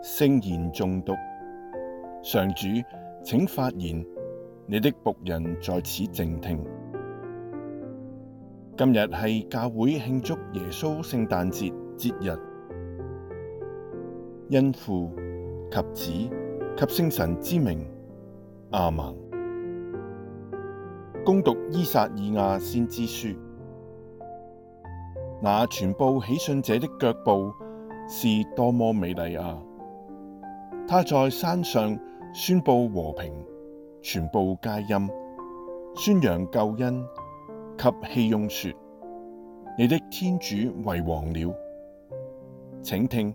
聖言誦讀，上主，請發言，你的僕人在此靜聽。今日係教會慶祝耶穌聖誕節節日，因父及子。及聖神之名阿們。恭讀依撒意亞先知書。那傳報喜訊者的腳步，是多麼美麗啊！他在山上宣布和平，傳報佳音，宣揚救恩及熙雍說：你的天主為王了，請聽。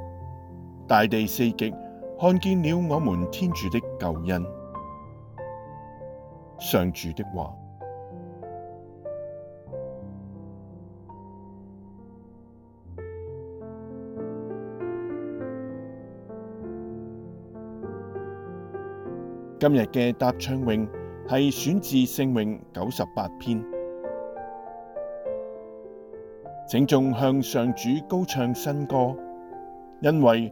大地四極看見了我們天主的救恩。上主的話，今日嘅答唱詠係選自聖詠九十八篇，請眾向上主高唱新歌，因為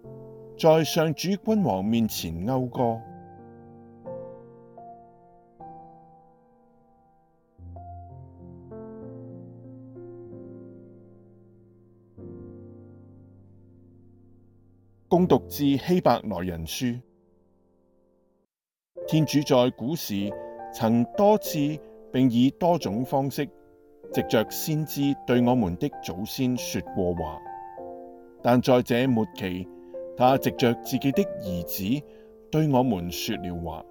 在上主君王面前謳歌。恭讀《致希伯來人書》，天主在古時曾多次，並以多種方式，藉著先知對我們的祖先說過話，但在這末期，他藉着自己的兒子對我們說了話，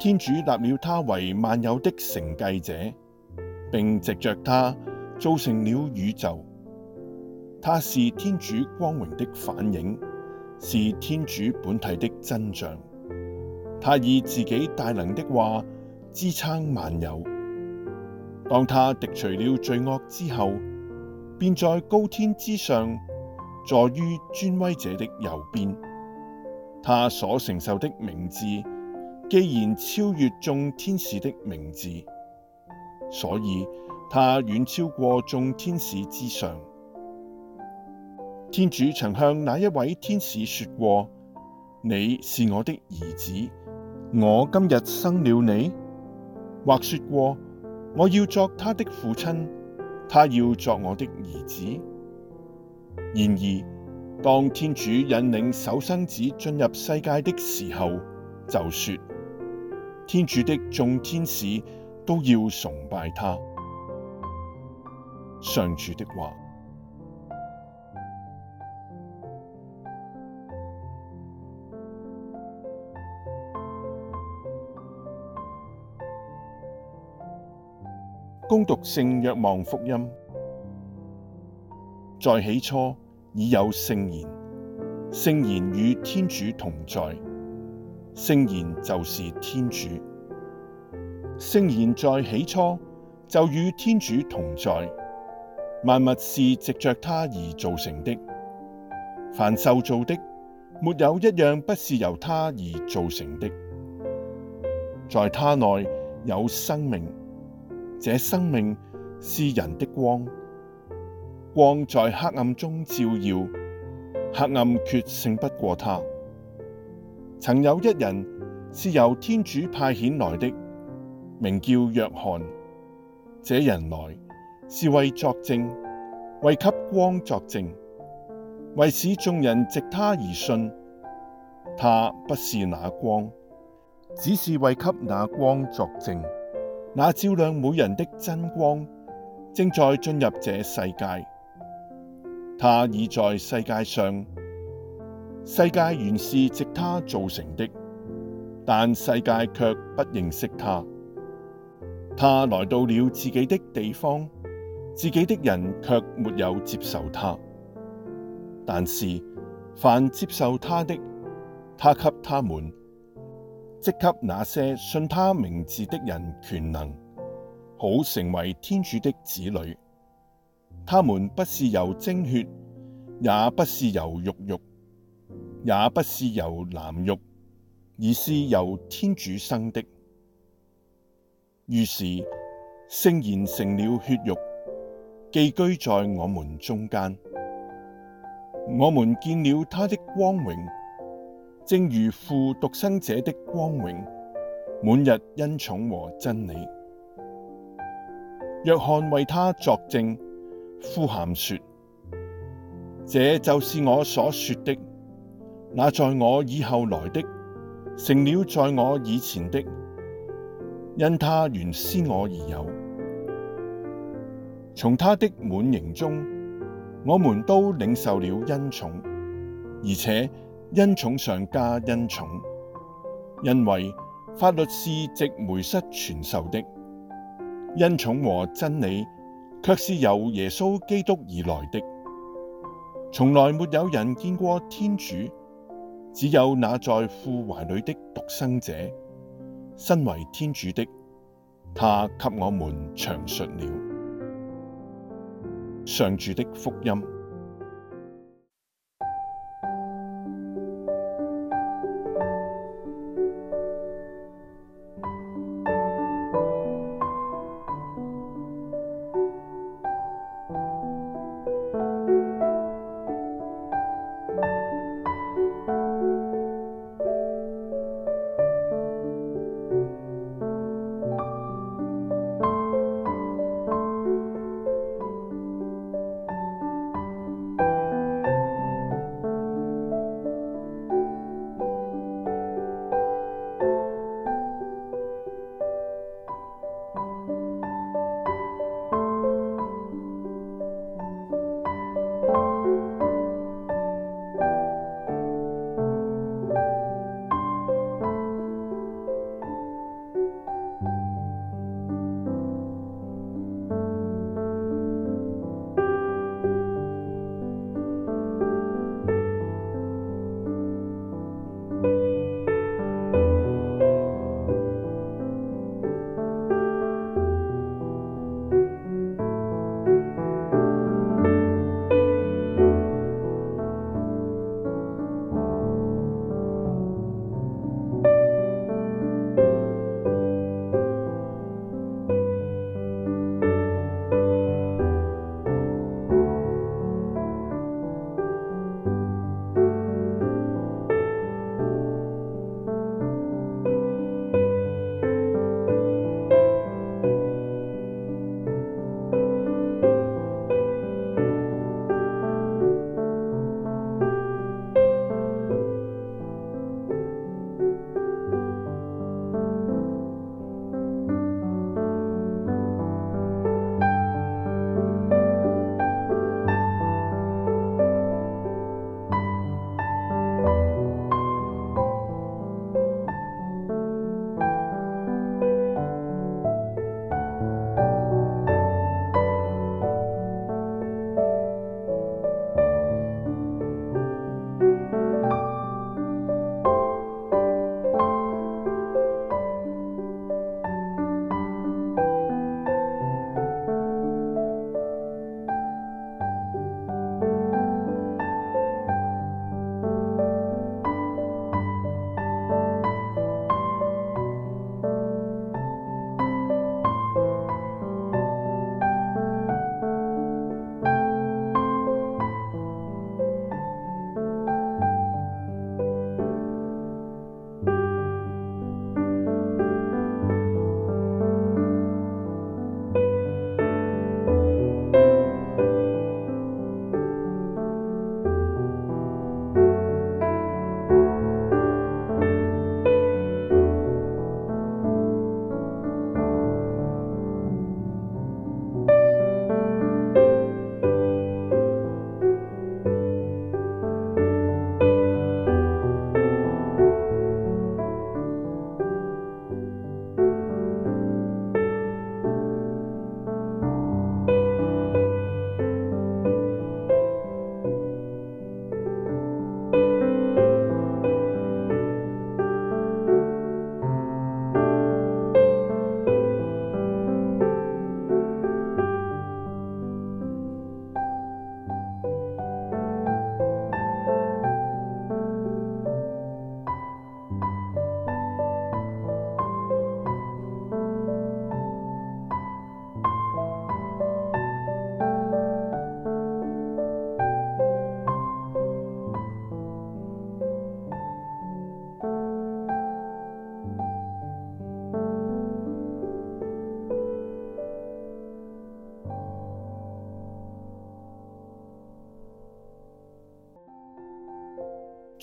天主立了他為萬有的承繼者，並藉着他造成了宇宙。他是天主光榮的反映，是天主本體的真像。他以自己大能的話支撐萬有。當他滌除了罪惡之後，便在高天之上。坐於尊威者的右邊，他所承受的名字，既然超越眾天使的名字，所以他遠超過眾天使之上。天主曾向那一位天使說過：你是我的兒子，我今日生了你；或說過，我要作他的父親，他要作我的兒子。然而，當天主引領首生子進入世界的時候，就說：天主的眾天使都要崇拜他。上主的話，恭讀聖若望福音。在起初已有聖言，聖言與天主同在，聖言就是天主。聖言在起初就與天主同在，萬物是藉着他而造成的，凡受造的，沒有一樣不是由他而造成的，在他內有生命，這生命是人的光。光在黑暗中照耀，黑暗決勝不過他。曾有一人，是由天主派遣來的，名叫若翰。這人來，是為作證，為給光作證，為使眾人藉他而信。他不是那光，只是為給那光作證。那照亮每人的真光，正在進入這世界。他已在世界上，世界原是藉他造成的，但世界卻不認識他。他來到了自己的地方，自己的人卻沒有接受他。但是，凡接受他的，他給他們，即給那些信他名字的人權能，好成為天主的子女。他們不是由精血，也不是由肉慾，也不是由男慾，而是由天主生的。於是，聖言成了血肉，寄居在我們中間。我們見了他的光榮，正如父獨生者的光榮，滿溢恩寵和真理。若翰為他作證，呼喊說：這就是我所說的，那在我以後來的，成了在我以前的，因他原先我而有。從他的滿盈中，我們都領受了恩寵，而且恩寵上加恩寵，因為法律是藉梅瑟傳授的，恩寵和真理，卻是由耶穌基督而來的，從來沒有人見過天主，只有那在父懷裡的獨生者，身為天主的，他給我們詳述了。上主的福音。